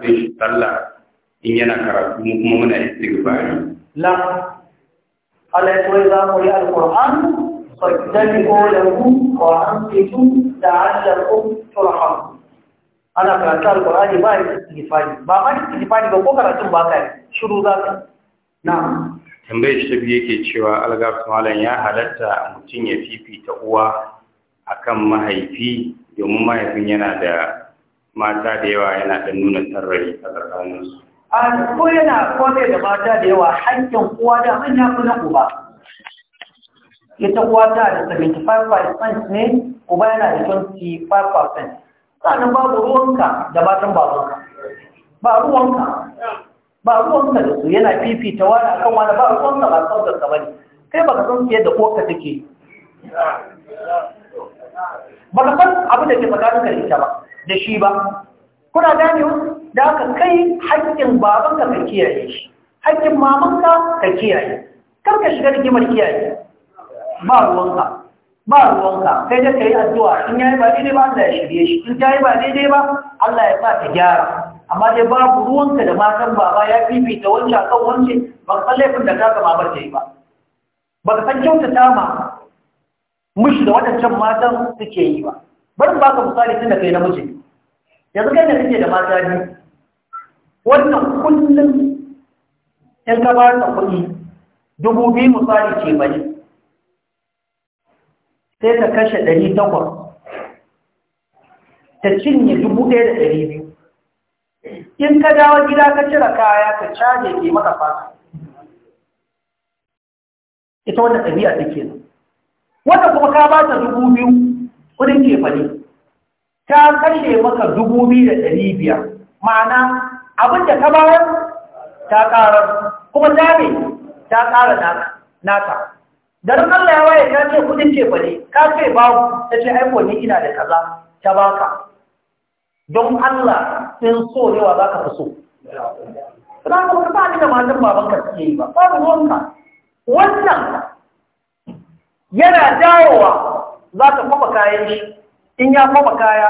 Talla shi sallah in yana karatu mu kuma muna istighfari la ala yakwai za ku yi alquran fastani ko lahu wa anfitu la'allakum turhamun ana karatu alqurani ba istighfari ba ma istighfari ba ko karatun ba kai shiru za ka na tambayar shi ta biyu yake cewa algafin malam ya halatta mutum ya fifita uwa akan mahaifi domin mahaifin yana da mata da yawa yana da nuna sarrai a tsakaninsu. A ko yana kome da mata da yawa hankin kowa da manya kuna uba. Ita uwa ta da 75% ne, uba yana da 25%. Sannan babu ruwanka da matan babanka. Ba ruwanka. Ba ruwanka da su yana fifita wani akan wani ba ruwanka ba sauƙarsa ba ne. Kai ka san fiye da koka take. Baka san abu da ke tsakaninka da ita ba. da shi ba kuna gane da aka kai haƙƙin babanka ka kiyaye shi haƙƙin mamanka ka kiyaye kar ka shiga rigimar kiyaye ba ruwanka ba ruwanka kai da yi addu'a in ya yi ba daidai ba Allah ya shirye shi in yi ba daidai ba Allah ya sa ta gyara amma dai babu ruwanka da matan baba ya fifita wancan kan wance ba ka laifin da kaka ta yi ba ba ka san kyautata ma mushi da wadancan matan suke yi ba bari ba ka misali tun da kai namiji yanzu kai da kake da mata biyu wannan kullum in ka ba ta kuɗi dubu biyu misali ce bane sai ta kashe ɗari takwas ta cinye dubu ɗaya da ɗari biyu in ka dawo gida ka cire kaya ka caje ke maka fata ita wanda ɗabi'a take nan wanda kuma ka ba ta dubu biyu kudin ke ne ta kalle maka dubu biyu da ɗari biyar ma'ana abin da ka bayar ta ƙarar kuma ta ne ta ƙara nata da Allah ya ta ce kudin ce bane ka ce ku. ta ce aiko ne ina da kaza ta baka don Allah in so yawa za ka fi so ba ko ba ni da matan baban ka yi ba wannan yana dawowa za ka kuma kayan shi in ya kwaba kaya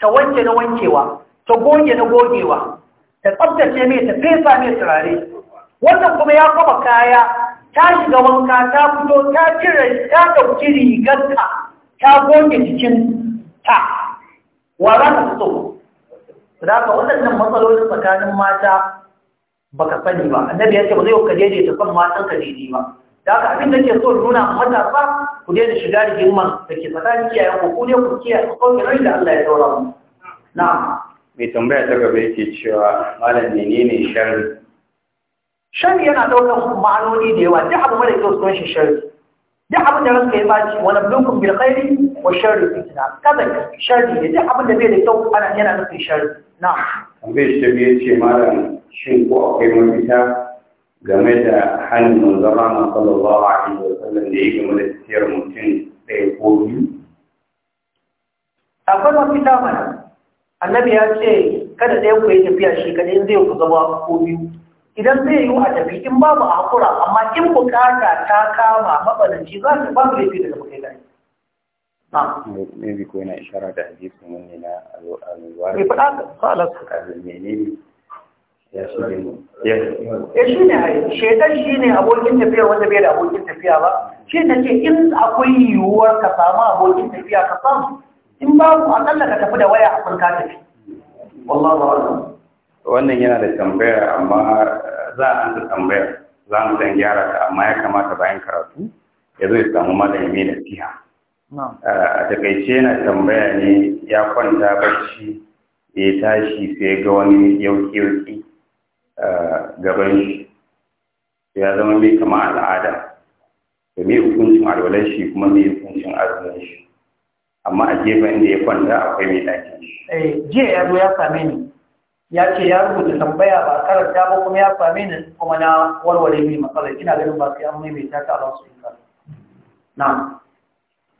ta wanke na wankewa ta goge na gogewa ta tsabtace mai ta fesa mai turare wannan kuma ya kwaba kaya ta shiga wanka ta fito ta cire ta dauki rigarka ta goge jikin ta wa za ka fito da ka waɗannan matsalolin tsakanin mata baka sani ba annabi yace ba zai ka ta son matan ka daidai ba da aka abin da ke so nuna matasa ku daina shiga da himman da ke tsakanin kiyayen ku ku ne ku kiyaye ku kauke rai da Allah ya daura mu na'am mai tambaya ta gaba yake cewa malam menene sharri sharri yana daukan ma'anoni da yawa duk abu mara kyau sunan shi sharri duk abin da ranka ya baci wani bukun bil khairi wa sharri fitna kada sharri ne duk abin da bai da kyau ana yana nufin sharri na'am tambayar shi ta biye ce malam shin ko akwai mafita game da hannun manzon rana sallallahu alaihi wa sallam da yake game da tafiyar mutum ɗaya ko biyu akwai mafita mana annabi ya ce kada ɗaya ku yi tafiya shi kada in zai ku zama ko biyu idan zai yi a tafi in babu a hakura amma in bukata ta kama mabananci za su babu laifi daga kuɗi gani Mai ko yana ishara da hadisi mun ne na alwari. Bai faɗa ka, ko Allah su ya eh, shi ne shaitan shi ne abokin tafiya wanda bai da abokin tafiya ba shi ta ce in akwai yiwuwar ka samu abokin tafiya ka samu in ba ku akalla ka tafi da waya a kun ka tafi wannan yana da tambaya amma za a ansa tambaya za mu dan gyara ta amma ya kamata bayan karatu ya zo ya samu malami da fiha a takaice yana tambaya ne ya kwanta barci ya tashi sai ga wani yauki-yauki gaban shi ya zama mai kama al'ada da mai hukuncin alwalar shi kuma mai hukuncin azumin shi amma a gefen da ya kwanta akwai mai ɗakin shi. Eh, jiya ya zo ya same ni ya ce ya rubuta tambaya ba karanta ba kuma ya same ni kuma na warware mai matsalar ina ganin ba sai an maimaita ta a wasu na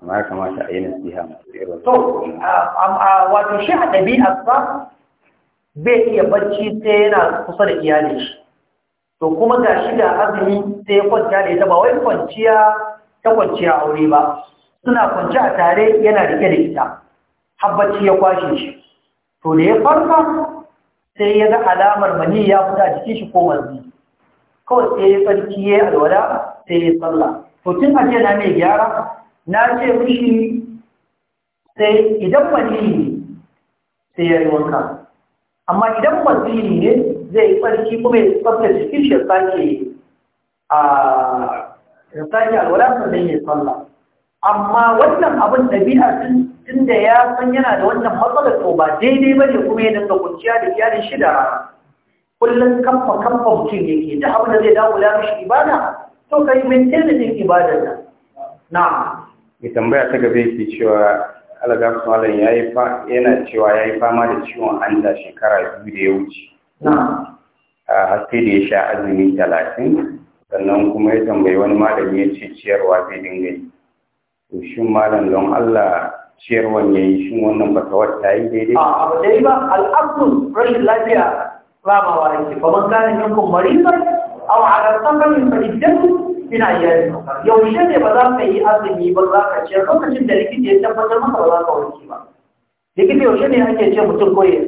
amma ya kamata a yi nasiha masu irin to wato shi a ɗabi'ar bai iya barci sai yana kusa da iyalin shi to kuma ga shi da azumi sai ya kwanta da ita ba wai kwanciya ta kwanciya aure ba suna kwanci a tare yana rike da ita har bacci ya kwashe shi to da ya farka sai ya ga alamar mani ya fita jikin shi ko manzi kawai sai ya tsarki ya alwala sai ya tsalla to tun a na mai gyara na ce mishi sai idan mani sai ya yi wanka amma idan masiri ne zai yi tsarki kuma ya tsafta jikin shi sake a sake alwala sallah amma wannan abin biya tun da ya san yana da wannan matsalar to ba daidai ba ne kuma ya dinga kunciya da iyalin shi da shida, kullum kamfa kamfa mutum ke duk abin da zai dawo ya mishi ibada to ka yi maintain ibadar nan na ya tambaya ta gabe ke cewa alaga malam yayi fa yana cewa ya yi fama da ciwon hanta shekara biyu da ya wuce a haske da ya sha azumi talatin sannan kuma ya tambayi wani malami ya ce ciyarwa zai dinga yi to shin malam don Allah ciyarwan ya yi shin wannan fatawar ta yi daidai a ba dai ba al'abdu rashin lafiya ramawa yake ba man kana minkum maridan aw ala safarin fa iddatu ina iyali yaushe ne ba za ka yi azumi ba za ka ce lokacin da likita ya tabbatar maka ba za ka warke ba likita yaushe ne ake ce mutum ko ya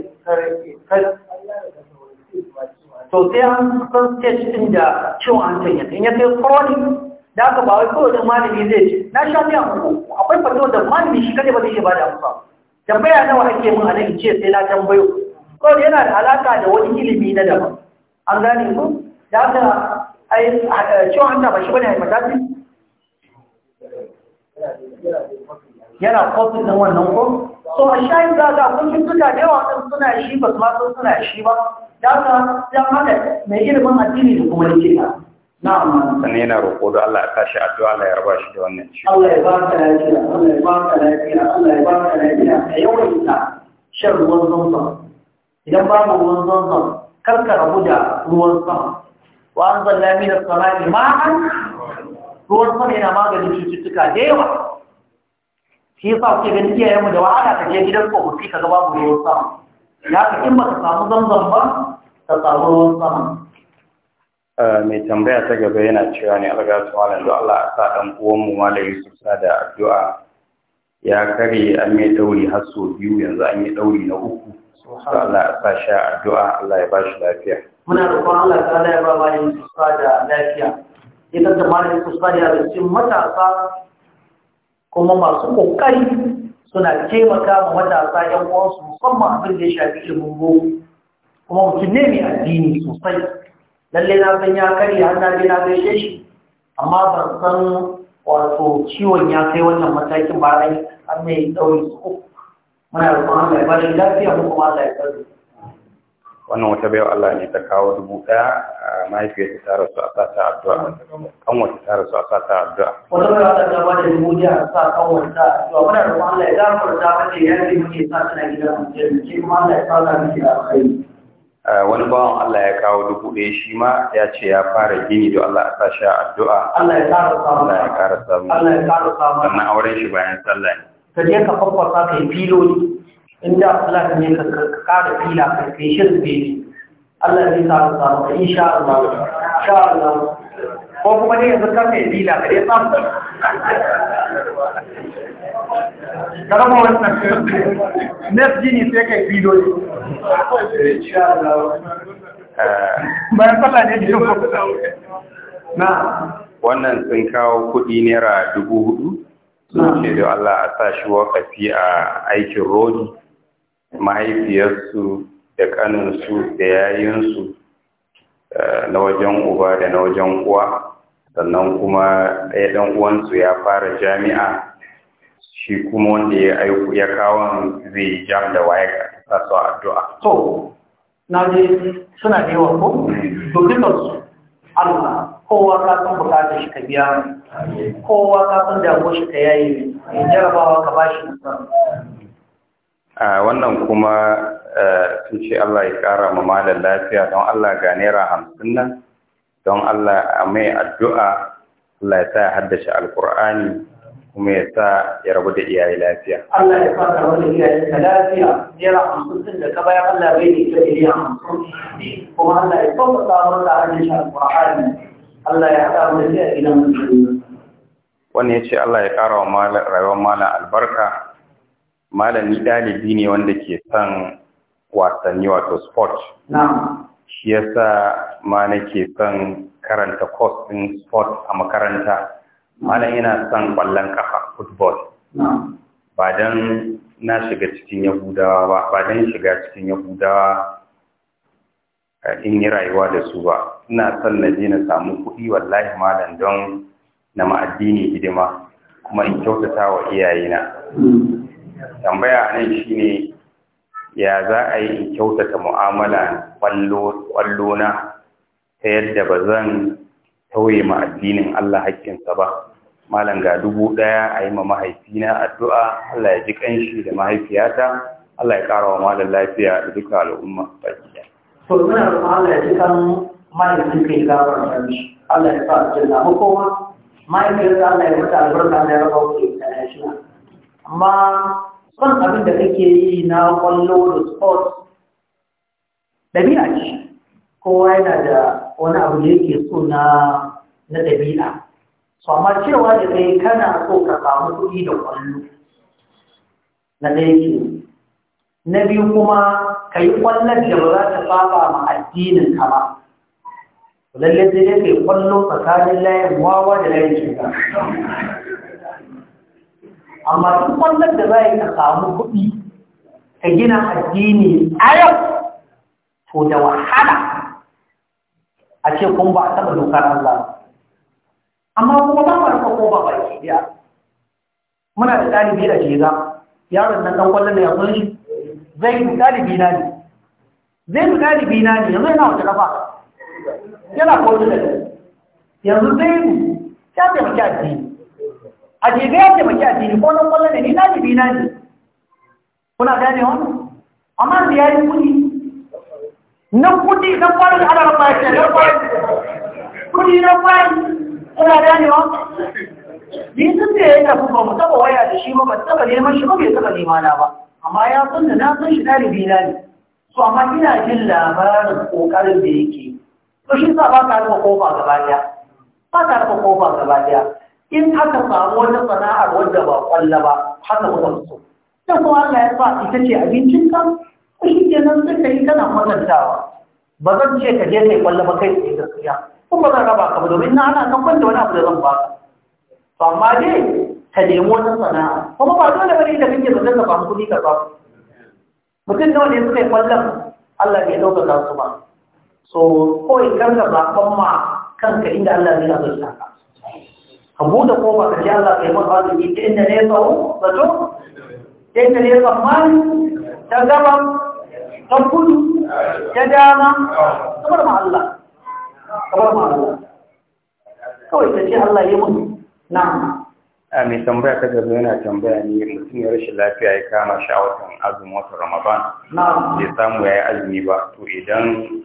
to sai an san stage din da ciwon hantan ya ya kai chronic da aka ba wai kowane malami zai ce na sha biya muku akwai fito da malami shi kadai ba zai ba da amsa tambaya nawa ake mun a nan ce sai na tambayo ko yana da alaka da wani ilimi na daban an gane ku da aka ai ciwon hanta ba shi bane hepatitis yana kofin na wannan ko so a shayi za ga kullum suka da yawa wasu suna shi ba su masu suna shi ba da haka yan haka mai ilimin addini da kuma likita na'am Sani yana roƙo da Allah ya tashi addu'a Allah ya raba shi da wannan ciwo Allah ya ba ka lafiya Allah ya ba ka lafiya Allah ya ba ka lafiya Ka yawaita shan ruwan zamzam idan ba babu ruwan zamzam kar ka rabu da ruwan sama وأنزلنا من السماء ماء ruwan sama yana maganin cututtuka da yawa shi yasa kuke ganin iyayen mu da wahala ta je gidan tsofaffi ka ga babu ruwan sama ya ka in baka samu zamzam ba ka samu ruwan sama mai tambaya ta gaba yana cewa ne alga su malam da Allah a sa dan uwan mu malam Yusuf sa da addu'a ya karye an mai ɗauri har sau biyu yanzu an yi ɗauri na uku Allah ya sa addu'a Allah ya bashi lafiya muna roƙon Allah ta Allah ya ba ba yin da lafiya ita da malamin kusa da yaro matasa kuma masu ƙoƙari suna taimaka ma matasa yan uwansu musamman abin da ya shafi ilimin boko kuma mutum ne mai addini sosai Lallai na san ya karya har na bi na gaishe shi amma ban san wato ciwon ya kai wannan matakin ba an mai ɗauri su uku muna Allah ya bada lafiya mu kuma Allah ya wannan wata bayan Allah ne ta kawo dubu ɗaya a mahaifiyar ta tara su a sa ta addu'a kan wata tara su a sa ta addu'a wata bayan Allah ta bada dubu ɗaya a sa kan wata addu'a muna roƙon Allah ya gafarta mata ya yi muke sa tana gidan mutum ke kuma Allah ya fara miki da alkhairi wani bawan Allah ya kawo dubu ɗaya shi ma ya ce ya fara gini da Allah a sa shi addu'a Allah ya ƙara samu Allah ya ƙara samu sannan auren shi bayan sallah ne ka je ka kwakwasa ka yi in da Allah ne ka kada fila ka kai shi zube ne Allah ne sa ka samu ka insha Allah insha Allah ko kuma ne yanzu ka kai fila ka dai samu karama wannan next gini sai kai filoli insha Allah bayan sallah ne jiya na wannan sun kawo kuɗi naira dubu hudu sun ce da Allah a sa shi wakafi a aikin rodi mahaifiyarsu da kaninsu da yayinsu eh, na wajen uba da na wajen uwa sannan kuma ɗaya ɗan uwansu ya fara jami'a shi kuma wanda ya kawo zai jam da waye ka sa addu'a So, na je suna da yawa ko mm. Dokinansu, Allah kowa ka san bukatar shi ka biya mai kowa ka san damuwar shi ka yayi mai jarabawa ka ba shi a wannan kuma eh, sun ce Allah ya ƙara ma malar lafiya don Allah ga naira hamsin nan don Allah a mai addu'a Allah ya sa ya haddace alkur'ani kuma ya sa ya rabu da iyaye lafiya. Allah ya sa ka rabu da iyaye ka lafiya, naira hamsin din da ka baya Allah bai ne ta iliya hamsin, kuma Allah ya sa mu samu da haddace alkur'ani. Wani ya ce Allah ya ƙara wa rayuwar malar albarka malar ni ɗalibi ne wanda ke son wasanni wato sport shi yasa ma nake son karanta course ɗin sport a makaranta malar yana son ƙwallon ƙafa football ba don na shiga cikin yahudawa ba ba don shiga cikin yahudawa in yi rayuwa da su ba ina son na je na samu kuɗi wallahi malam don na ma'addini hidima kuma in kyautata wa iyayena tambaya nan shine ya za a yi in kyautata mu'amala kwallo na ta yadda ba zan tauye ma addinin Allah haƙƙinsa ba malam ga dubu ɗaya a yi ma mahaifina addu'a Allah ya ji ƙanshi da mahaifiyata Allah ya ƙara wa malam lafiya da duka al'umma baki ɗaya. mahaifin kai gawar da mishi Allah ya sa a jinna hukuma mahaifiyar da Allah ya mata albarka da ya rabu ke da nashi amma son abin da kake yi na kwallo da sports ɗabi'a ce kowa yana da wani abu da yake so na na ɗabi'a so amma cewa da kai kana so ka samu kuɗi da kwallo na ɗaya ke na biyu kuma ka yi kwallon da ba za ta saba ma addinin ka ba lalle sai dai kai kwallo tsakanin layin wawa da layin cuta amma duk wannan da za yi ka samu kuɗi ka gina addini a yau to da wahala a ce kun ba a taɓa dokar Allah amma kuma ba farko ko ba baki biya. muna da ɗalibi a jega yaron nan ɗan kwallon da ya kun shi zai fi ɗalibi na ne zai fi ɗalibi na ne yanzu yana wata kafa yana kawai da yanzu zai yi ya taimaki addini a jirgin ya taimaki addini ko nan kwallon da ni na jibi na ne kuna gane wani amma da ya yi kudi na kudi na kwallon da ana rafa ya ce nan kudi na kwallon kuna gane wani ni sun da ya yi tafi ba mu taba waya da shi ba ba taba neman shi ba bai taba nemana ba amma ya san da na sun shi ɗalibi na ne so amma ina jin labarin ƙoƙarin da yake to shi sa ba ka rufe kofa gaba daya ba ka rufe kofa gaba daya in haka samu wani sana'ar wanda ba kwalla ba haka muka so ta kuma Allah ya sa ita ce abincin ka to shi kenan sai ka yi kana magantawa, ba zan ce ka je kai kwalla ba kai tsaye gaskiya kuma ba zan raba ka ba domin na ana kan kwanta wani abu da zan baka to amma dai ka nemi wani sana'a kuma ba dole bane da kake zaton ka samu kuɗi ka ba. mutum nawa ne suka yi kwallon Allah bai ɗaukaka su ba so kawai karka zaɓen ma kanka inda Allah zai zo ka ka buɗe kofa ka ji Allah ka yi maka arziki ta inda ne tsawo zato ta inda ne tsammani ta gaba ta kudu ta dama kamar ma Allah kamar ma Allah kawai ta ji Allah ya mutu na a mai tambaya ta gaba yana tambaya ne mutum ya rashin lafiya ya kama sha azumin wata ramadan bai samu ya yi azumi ba to idan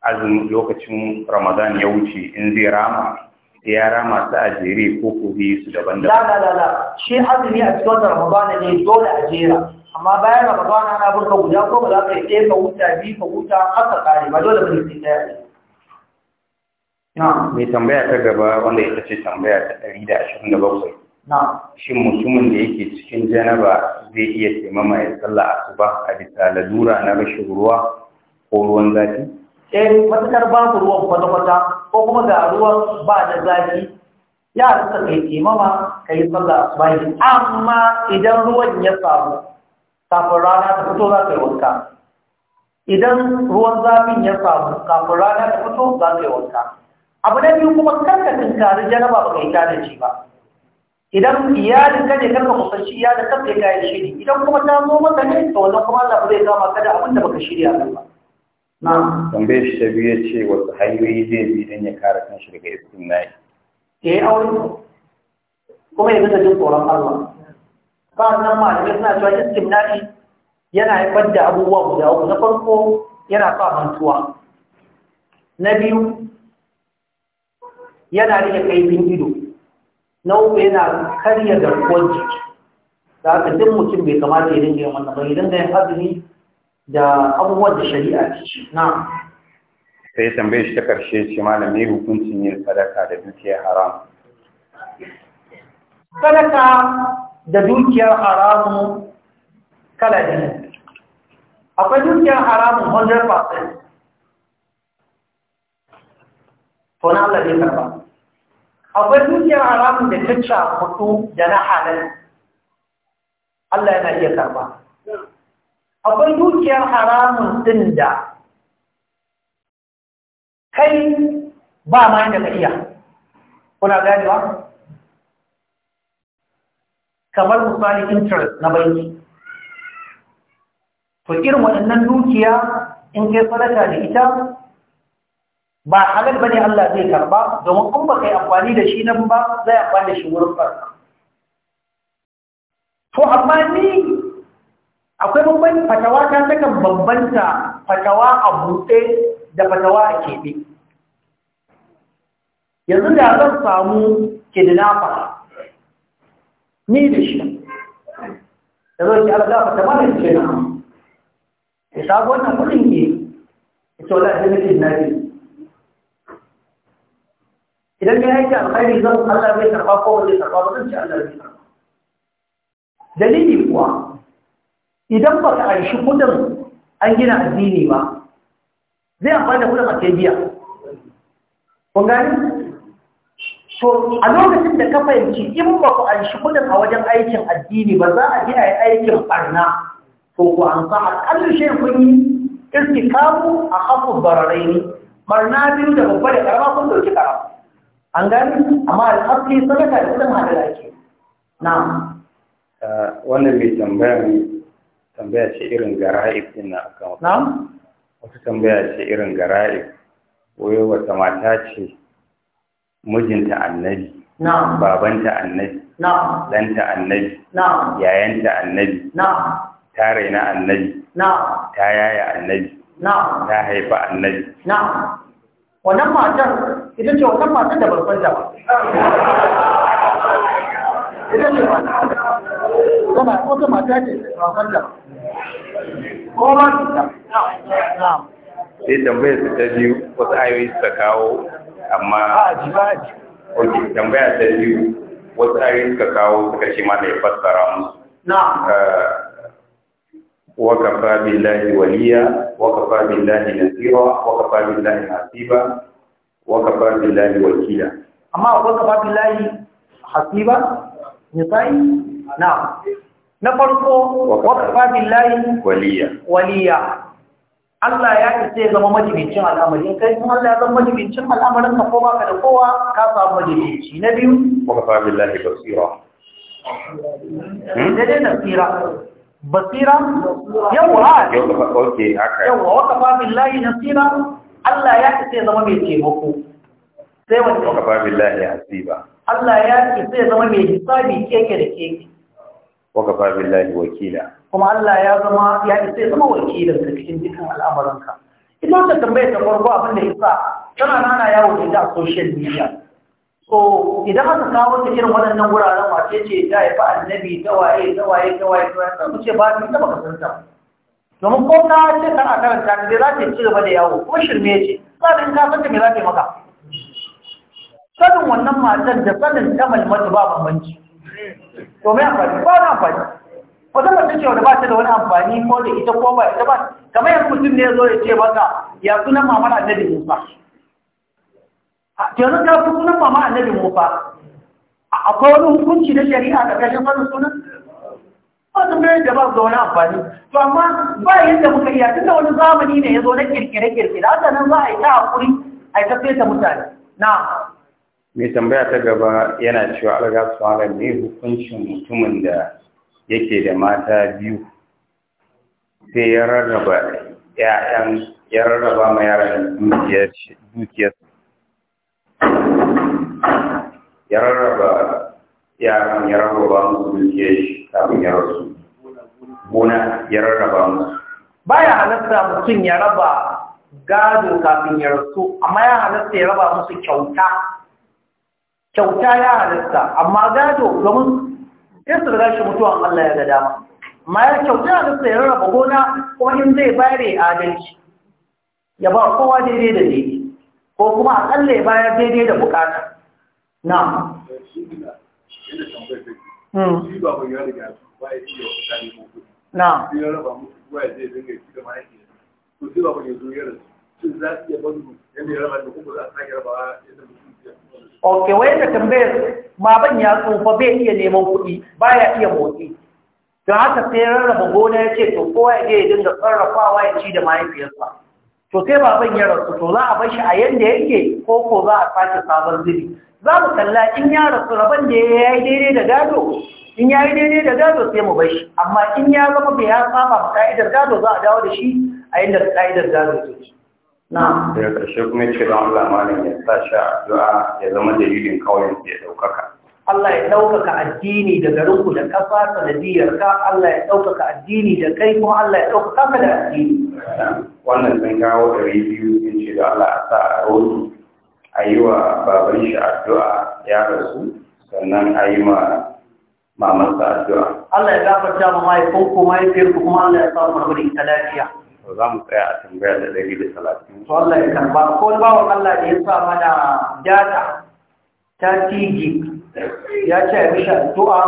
azumi lokacin ramadan ya wuce in zai rama ya rama su a jere ko ko bi su daban daban la la la shi azumi a cikin ramadan ne dole a jera amma bayan ramadan ana burka guda ko ba za ka yi ɗaya ka huta biyu ka huta haka kare ba dole ba ne sai ɗaya na mai tambaya ta gaba wanda ita ce tambaya ta ɗari da ashirin da bakwai na shin mutumin da yake cikin janaba zai iya taimama ya sallah asuba a bisa lalura na rashin ruwa ko ruwan zafi eh matakar ba su ruwan kwata-kwata ko kuma ga ruwan ba da zafi ya suka kai imama ka yi sallah asubahi amma idan ruwan ya samu kafin rana ta fito za ka yi wanka idan ruwan zafin ya samu kafin rana ta fito za ka yi wanka abu na biyu kuma karka kari jaraba ba ka yi kada shi ba idan iyalin ka ne karka kusanci iyalin ka sai ka yi shiri idan kuma ta zo maka ne to wannan kuma za ba zai kama ka abin da baka shirya ba tambayar shi ta biyu ya ce wasu hanyoyi zai bi don ya kare kanshi daga iskin nayi ya yi aure kuma ya fi jin tsoron Allah ba nan malamai suna cewa iskin nayi yana haifar da abubuwa guda uku na farko yana sa mantuwa na biyu yana rage kaifin ido na uku yana karya garkuwar jiki da haka duk mutum bai kamata ya dinga yin wannan ba ya dinga yin azumi da abubuwan da shari'a ta ce na sai tambaye shi ta karshe ce malami hukuncin yin sadaka da dukiyar haram sadaka da dukiyar haramu kala biyu akwai dukiyar haramun 100% to na Allah zai karba akwai dukiyar haramun da ta cakudu da na halal Allah yana iya karba akwai dukiyar haramun ɗin da kai ba ma yadda ka iya kuna ganewa kamar misali interest na banki to irin waɗannan dukiya in kai sadaka da ita ba ba ne Allah zai karba domin in ba kai amfani da shi nan ba zai amfani da shi wurin farka to amma ni akwai babban fatawa ta takan bambanta fatawa a buɗe da fatawa a keɓe yanzu da zan samu kidnapper ni da shi da zo ki alaga fata mana ce na ya sabo wannan kudin ke ita wala da nake na bi idan ya yi alkhairi zan Allah bai karba ko wanda karba ba zan ci Allah bai karba dalili kuwa idan ba ka aishi kudin an gina addini ba zai amfani da kudin a tebiya biya kun gani to a lokacin da ka fahimci in ba ku aishi kudin a wajen aikin addini ba za a je a yi aikin barna to ku an sa a ƙarshe kun yi istikamu a hafu bararai ne barna biyu da babba da karama kun dauki karama an gani amma al'asli sadaka da kudin hada da ake na wannan mai tambaya ne tambaya ce irin gara'ib din na akan wata wata tambaya ce irin gara'ib wai wata mata ce mijinta annabi babanta annabi ɗanta annabi yayanta annabi ta raina annabi ta yaya annabi ta haifa annabi wannan matan ita ce wannan matan da babban ba ita ce wannan magana wata mata ce ko ba su sai tambayar su ta biyu wasu ayoyi suka kawo amma ok tambaya ta biyu wasu ayoyi suka kawo suka ce ma ya fassara musu وكفى بالله وليا وكفى بالله نصيرا وكفى بالله حسيبا wakila amma وكيلا اما وكفى hasiba na farko waqfa billahi waliya waliya Allah ya kace zama majibincin al'amari in kai kuma Allah ya zama majibincin al'amarin ka kowa ka da kowa ka samu majibinci na biyu waqfa billahi basira da dai basira basira yawa okay haka yawa waqfa billahi nasira Allah ya kace zama mai taimako sai wanda waqfa billahi hasiba Allah ya kace zama mai hisabi keke da keke waka kafa billahi wakila kuma Allah ya zama ya isa zama wakilin ka cikin dukkan al'amuran ka ita ta tambaye ta farko abin da isa tana nana yawo ne da social media so idan aka kawo ta irin waɗannan wuraren wace ce ta haifa annabi ta waye ta waye ta waye ta waye ta, mu ce ba ta san kasanta domin ko ka ce kana karanta ne za ta ci gaba da yawo ko shirme ce sabin ka san me za ta yi maka sanin wannan matar da sanin ta malmatu ba bambanci to mai amfani ba na amfani wata mace ce da ba ta da wani amfani ko da ita ko ba ita ba kamar yanzu mutum ne ya zo ya ce maka ya sunan mamar annabi fa. yanzu ta fi sunan mama annabi fa. akwai wani hukunci na shari'a a kashin wani sunan wasu mai da ba da wani amfani to amma ba yadda muka iya tunda wani zamani ne ya zo na kirkire-kirkire haka nan za a yi ta haƙuri a yi ta mutane na mai tambaya ta gaba yana cewa alga su ne hukuncin mutumin da yake da mata biyu sai ya rarraba ‘ya'yan ya rarraba ma yaran dukiyar ya rarraba yaran ya rarraba musu dukiyar shi kafin ya rasu gona ya rarraba musu baya halatta mutum ya raba gado kafin ya rasu amma ya halatta ya raba musu kyauta kyauta ya halitta amma gado domin sai su riga shi mutuwan Allah ya ga dama amma ya kyauta ya halitta ya rarraba gona ko in zai bayar bare adalci ya ba kowa daidai da daidai ko kuma a tsalle ya bayar daidai da bukata na hmm. na ya ok wai da tambayar baban ya tsufa bai iya neman kuɗi ba ya iya motsi don haka sai rarraba gona ya ce to kowa ya je ya dinga sarrafawa ya ci da mahaifiyarsa to sai baban ya rasu to za a bar shi a yanda yake ko ko za a sake sabon zubi za mu kalla in ya rasu rabon da ya yi daidai da gado in ya yi daidai da gado sai mu bar shi amma in ya zama bai ya saba ma ka'idar gado za a dawo da shi a yanda ka'idar gado ke daga ƙarshe kuma ce don Allah malam ya sa shi addu'a ya zama dalilin kawai ya ɗaukaka Allah ya ɗaukaka addini da garinku da ƙasa sanadiyar ka Allah ya ɗaukaka addini da kai kuma Allah ya ɗaukaka ka da addini wannan sun gawo ɗari biyu in ce da Allah a sa a rotu a yi wa baban shi addu'a ya rasu sannan a yi ma mamansa addu'a Allah ya gafarta ma mahaifinku mahaifiyarku kuma Allah ya samu marmari ta lafiya za mu tsaya a tambaya da ɗari da talatin. Allah ya karba ko bawan Allah da ya sa mana data ta tigi ya ce a mishi addu'a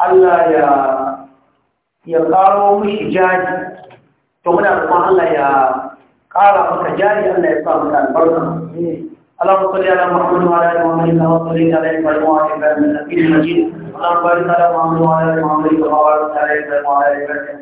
Allah ya ya karo mishi jari to muna kuma Allah ya ƙara maka jari Allah ya sa maka albarka. اللهم صل على محمد وعلى ال محمد كما صليت على ابراهيم وعلى ال ابراهيم انك حميد مجيد اللهم بارك على محمد وعلى ال محمد كما باركت على ابراهيم وعلى ال ابراهيم